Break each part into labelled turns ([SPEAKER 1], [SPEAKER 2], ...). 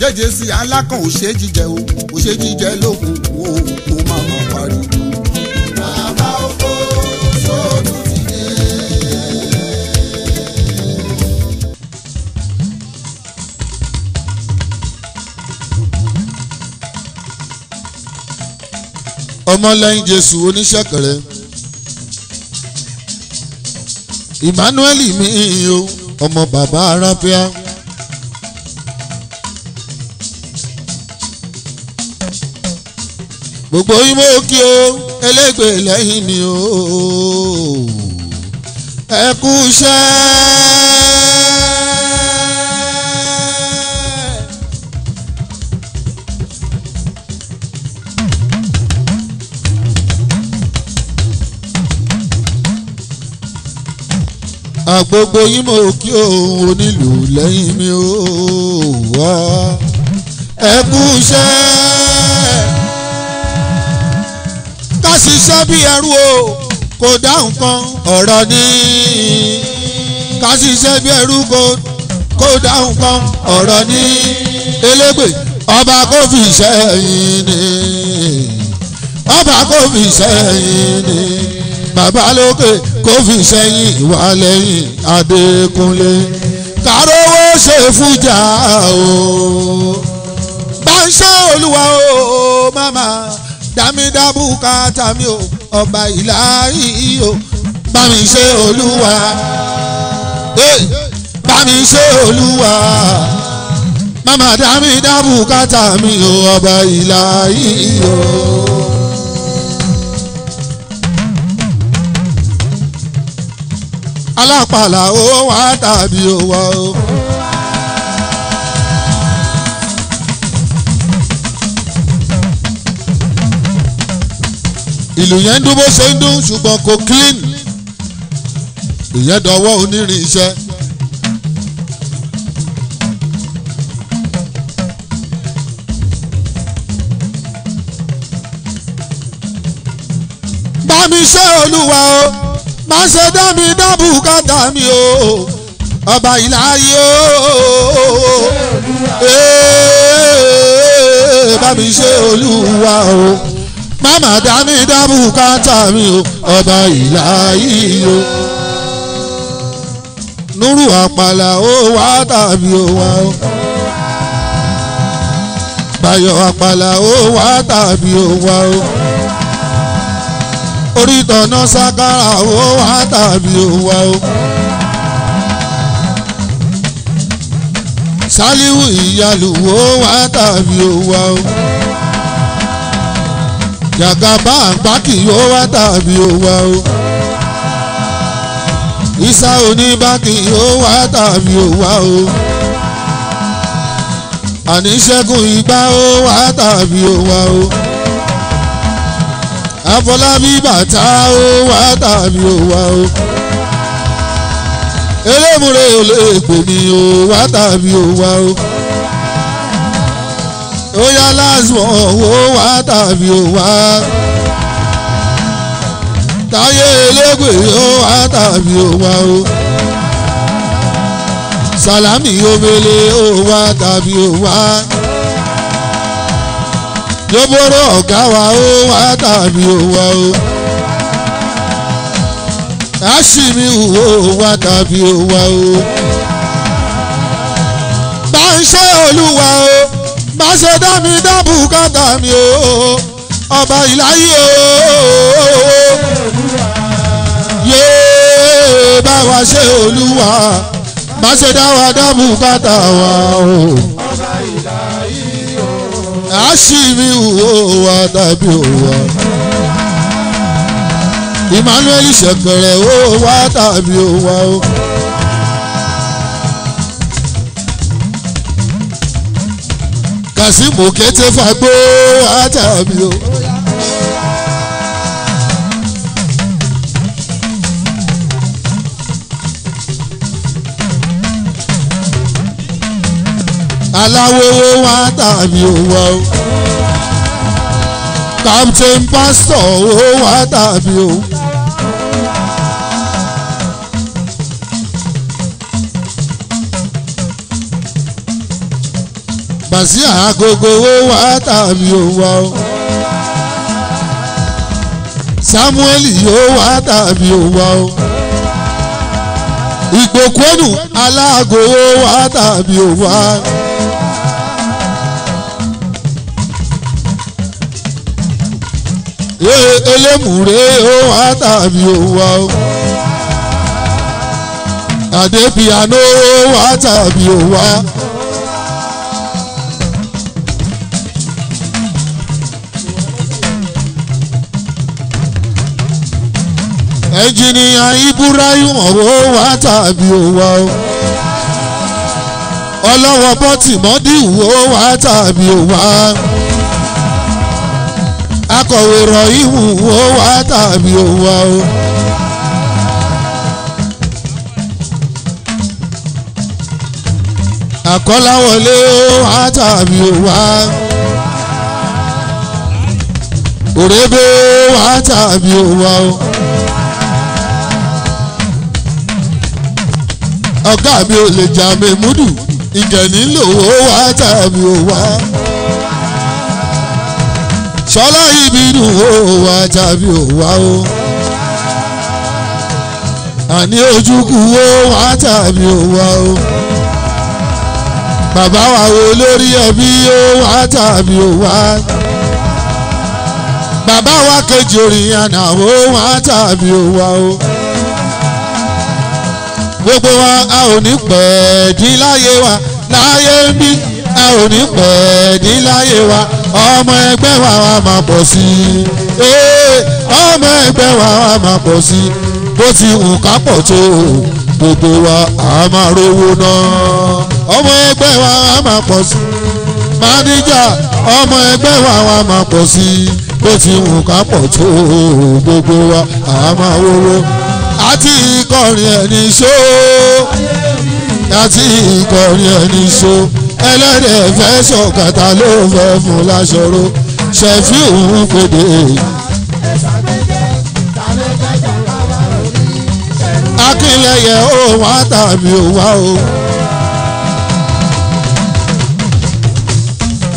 [SPEAKER 1] jẹ́jẹ́ sí alákàn ò ṣe jíjẹ o ò ṣe jíjẹ lókun o kò má má parí. bàbá òfò sódù ti dé. ọmọlẹ́yìn jésù oníṣẹ́kẹ̀rẹ́ emmanuel mi o ọmọ bàbá aráfíà. gbogbo imú kí o elégbè lẹ́yìn ni o ẹ kú iṣẹ́. àgbogbo yín mo kí òun onílù lẹ́yìn mi ó wá ẹ kú iṣẹ́ bá ṣiṣẹ́ bí ẹrú o kò dá nǹkan ọ̀rọ̀ ní ká ṣiṣẹ́ bí ẹrú kò dá nǹkan ọ̀rọ̀ ní elégbè ọba kò fi sẹ́yìn ni ọba kò fi sẹ́yìn ni bàbá lókè kò fi sẹ́yìn wà lẹ́yìn Adékúnlé kàrówó ṣe fújà o bá ń ṣe olúwa o màmá dámídábù káàtà mi o ọba ìlàhí o bá mi ṣe olúwa bá ṣe olúwa mama dámídábù káàtà mi o ọba ìlàhí o. alápàlà ó wà tàbí ó wà ó. ìlú yẹn ń ṣe ń dún ṣùgbọ́n kò clean ìyẹn dọwọ́ onírin iṣẹ́. bá mi ṣe olúwa o má ṣe dá mi dá mi o ọba ìlàyé o bá mi ṣe olúwa o mama dami dábù káta mi o ọba ìlàyé o nuru àpàlà o wá tàbí ó wá o bayọ̀ àpàlà ó wá tàbí ó wá o orítọ̀nà sákàrà ó wá tàbí o wá o. sálíwù ìyàlù ó wá tàbí ó wá o jàgàbá àgbà kì yóò wá dàbí òwa o ìsá oníbà kì yóò wá dàbí òwa o àní ṣẹ́gun ìgbà ó wá dàbí òwa o àfọlábí bàtà ó wá dàbí òwa o elémùrè ò lè pè mí ó wá dàbí òwa o. Oya yá lásìmọ̀ owó wá tàbí owa wá táyé elégbè ó wá tàbí ó o sàlámì omele ó wá tàbí ó wá yóbóró ọ̀gá wa ó wá tàbí ó o àṣìmí ìwò ó tàbí ó o bá ń ṣe olúwa o má ṣe dá mi dá bùkátà mi o ọba ìláyé o yéé bá wa ṣe olúwa má ṣe dá wa dá wa o ọba ìláyé o àṣìmí wò wá tàbí òwò Emmanuel ṣẹ̀kẹ̀rẹ̀ ó wá tàbí òwò. Kazeem kété fagbó àtàbí o. aláwòwò wá tàbí òwò o captain pastor owó tàbí òwò. Bàsíà agogo owó wá tàbí òun wá o. Sámúẹ́lì yóò wá tàbí òun wá o. Ìgbòkúẹ́nù aláàgò owó wá tàbí òun wá. Elémùrè ó wá tàbí òun wá o. Àdébíyànó ó wá tàbí òun wá. ẹnjìnìyà Ibrahim ọ̀wọ́ wa tàbí òwa o ọlọ́wọ́ bọ́tìmọ́dì wo wa tàbí òwa akọ̀wé rọ̀hìmù wo wa tàbí òwa o. àkọ́láwọlé ó wá tàbí ó òrébé ó wá tàbí ó wá o. ọ̀gá mi ò lè jà mí múdù ìjẹ̀ni lòwó wá tàbí ò wá. sọlá ibi dùn ó wá tàbí ò wá o. àní ojúkú ó wá tàbí ò wá o. bàbá wa wo lórí ẹbí ó wá tàbí ò wá. bàbá wa kejì orin àná ó wá tàbí ò wá o. Wa gbogbo wa a ò ní pẹ́ dín láyé wa láyé ń bí a ò ní pẹ́ dín láyé wa ọmọ ẹgbẹ́ wa wa máa pọ̀ sí i ọmọ ẹgbẹ́ wa wa máa pọ̀ sí i bó ti wù ká pọ̀ tó gbogbo wa a máa rówó náà ọmọ ẹgbẹ́ wa wa máa pọ̀ sí i máníjà ọmọ ẹgbẹ́ wa wa máa pọ̀ sí i bó ti wù ká pọ̀ tó gbogbo wa a máa rówó náà àti ìkọrin ẹni ṣó àti ìkọrin ẹni ṣó ẹlẹ́dẹ̀ fẹ́ sọ̀kàtà ló fẹ́ fún láṣọrò ṣẹ̀fíù ń pèdè. akínlẹ̀yẹ ó wá tàbí ó wá o.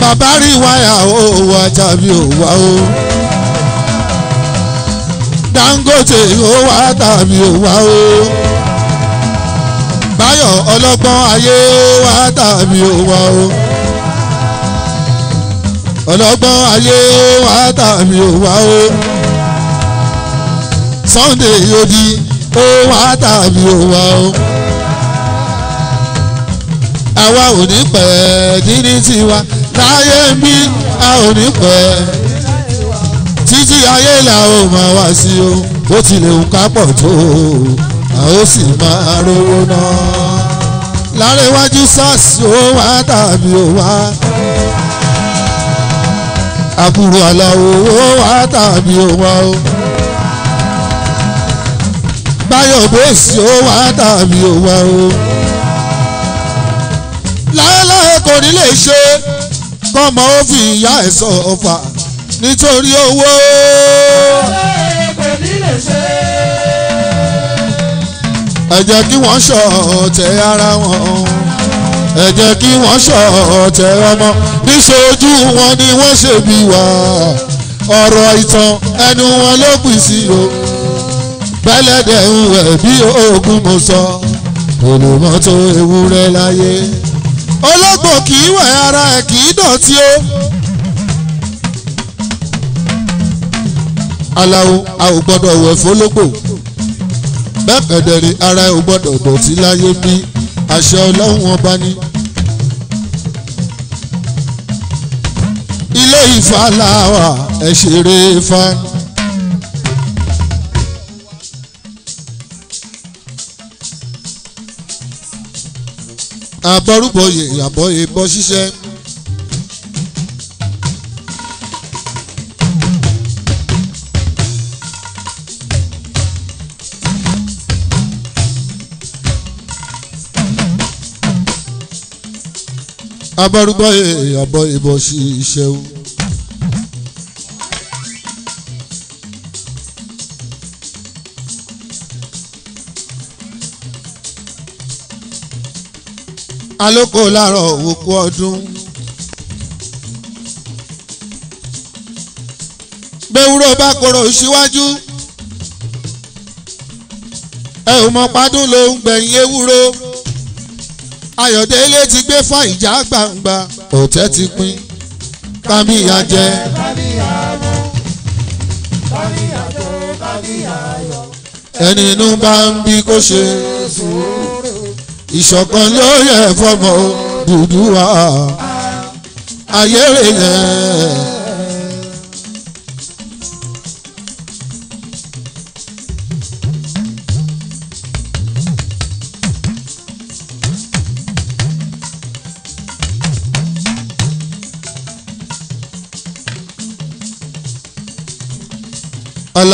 [SPEAKER 1] bàbá rí wáyà ó wá tàbí ó wá o. Dangote ó wá tàbí ó wá o Báyọ̀ ọlọ́gbọ́n ayé ó wá tàbí ó wá o ọlọ́gbọ́n ayé ó wá tàbí ó wá o Sunday odi ó wá tàbí ó wá o àwa ò ní pẹ́ dídí tiwa láyé ń bí a ò ní pẹ́ títí ayé là ó máa wá sí o bó tilẹ̀ ń kápọ̀ tó o a ó sì máa rówó náà. lárẹ́wájú sars ó wá tàbí ó wá àbúrò aláwo ó wá tàbí ó wá o. báyọ̀ bóòsì ó wá tàbí ó wá o. láéláé kò ní lè ṣe kọ́mọ ó fi ìyá ẹ̀ sọ ọ̀fà nítorí owó. ẹ jẹ́ kí wọ́n sọ ọ̀tẹ̀ ara wọn ẹ kí wọ́n sọ ọ̀tẹ̀ ọmọ níṣojú wọn ni wọ́n ṣe bí wá ọ̀rọ̀ ìtàn ẹnu wọn ló pín sí o bẹ́lẹ́dẹ̀ ń wẹ̀ bí oògùn mo sọ olùmọ́tò ewúrẹ́ láyé ológbò kì í wẹ̀ ara ẹ̀ kì í dọ̀tí o. aláwo a ò gbọ́dọ̀ wẹ̀ fólógbò bẹ́ẹ̀ kẹ̀dẹ̀rẹ̀ ara ò gbọ́dọ̀ dọ̀tí láyé bí àṣẹ ọlọ́run ọba ni. ilé Ifá làwà ẹ̀ ṣeré Ifá. àbọrúbọyè àbọyè bọ ṣiṣẹ́. abárúgbó àbọ̀ ìbọn sí iṣẹ́ o. alóko láàárọ̀ òkú ọdún. gbẹ̀wúrò bá koro síwájú ẹ ò mọ̀ padùn ló ń gbẹ̀yìn ewúro. Ayọ̀délé ti gbé fàìjà gbangba ọ̀tẹ̀ ti pín kámíyà jẹ. ẹni inú bá ń bí kó ṣe ìṣọ̀kan ló yẹ fọmọ dúdú wa ayé rẹ̀ yẹn.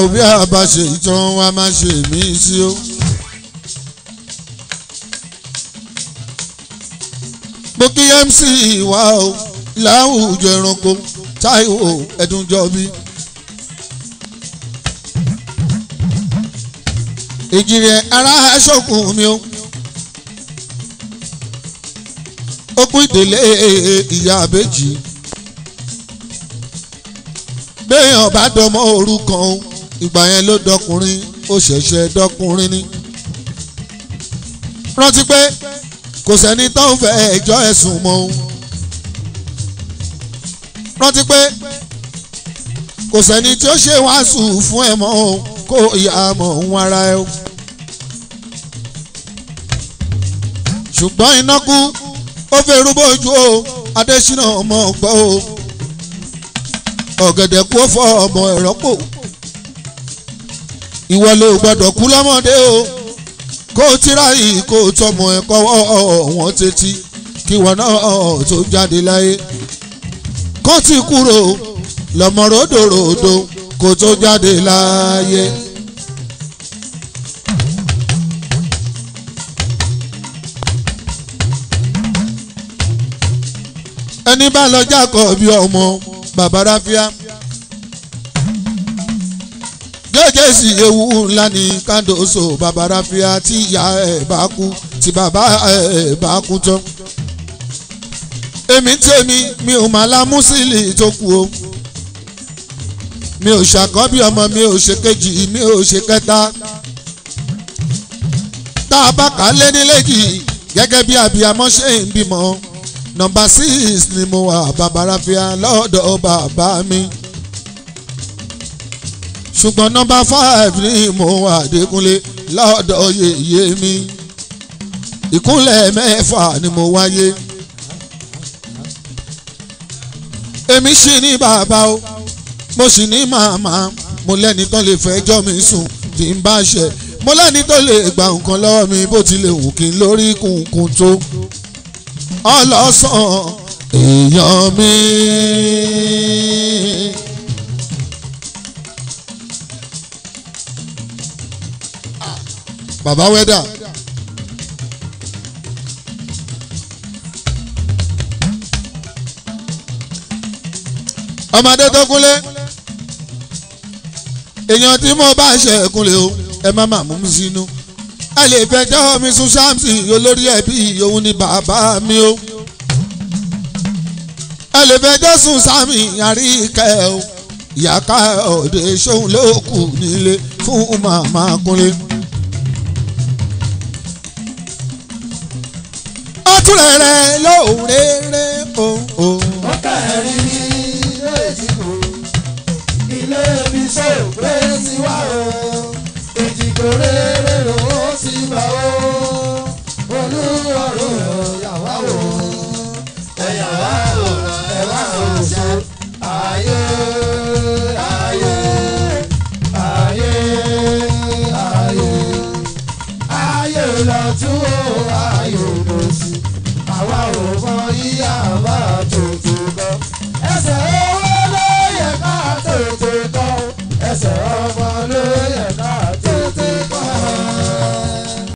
[SPEAKER 1] ò bí a bá ṣe ìtàn wa máa ṣe mí sí o. mo kí MC wa o láwùjọ ẹranko Táíwò Ẹdúnjọbí. ìjìnlẹ̀ ara aṣọ́kùn mi o. okùn ìdèlé ìyá àbèjì béèyàn bá dọmọ orúkọ o ìgbà yẹn ló dọkùnrin ó ṣẹ̀ṣẹ̀ dọkùnrin ni. rántí pé kò sẹ́ni táwọn fẹ́ ẹjọ́ ẹ̀sùn mọ́ òun. rántí pé kò sẹ́ni tí ó ṣe wàásù fún ẹ̀ mọ́ òun kó ìyá mọ̀ òun ara o. ṣùgbọ́n iná kú ó fẹ́ rúbọ ojú o Adésínà ọmọ ọgbọ́ o ọ̀gẹ̀dẹ̀ kú ó fọ ọmọ ẹ̀rọ́pò ìwọ ló gbọ́dọ̀ kú lọ́mọdé o kó o tíra yìí kó o tọmọ ẹ kọ́wọ́ wọn tètè kí wọn náà tó jáde láyé kó ti kúrò lọ́mọ ròdòròdò kó tó jáde láyé. ẹni bá lọ jákọ̀ bí ọmọ bàbá ráfíà. jésì ewu ńlá ní kándoso bàbá ráfíà tí ìyá ẹ̀ bá kú tí bàbá ẹ̀ bá kú tán. èmi tèmi mi ò máa la músìlì tó kú o mi ò ṣàkọ́bí ọmọ mi ò ṣe kejì mi ò ṣe kẹta tá a bá kà á lé ní léjì gẹ́gẹ́ bí abiyamọ ṣe ń bímọ nọ́mbà six ni mo wà bàbá ráfíà lọ́dọ̀ bàbá mi ṣùgbọ́n nọ́mbà five ni mo Adékúnlé lọ́dọ̀ yèyé mi ìkúnlẹ̀ mẹ́fà ni mo wáyé èmi sì ní bàbá o mo sì ní màmá mo lẹ́ni tó lè fẹjọ́ mi sùn tí n bá ṣẹ̀ mo lẹ́ni tó lè gba nǹkan lọ́wọ́ mi bó tilẹ̀ wù kí n lórí kùnkùn tó ọlọ́sàn èèyàn mi. Baba wẹ́dà. ọmọdé tó kúnlé èèyàn tí mo bá ṣe ẹ̀kúnlé o ẹ má má mú mi sínú ẹ lè fẹjọ́ mi sùn ṣáàmùsì olórí ẹbí òun ni bàbá mi o ẹ lè fẹjọ́ sùn sáàmì àríkẹ́ o ìyá ká ọ̀dẹ̀ ṣóun ló nílé fún màmá kúnlé. kúnrẹ́rẹ́ lóòrèrè o. ó kẹ́rì ní ilé ìdìbò ilé mi ṣe òpè sí wa o ìdìbò rere lòún sì bá o olúwarò o.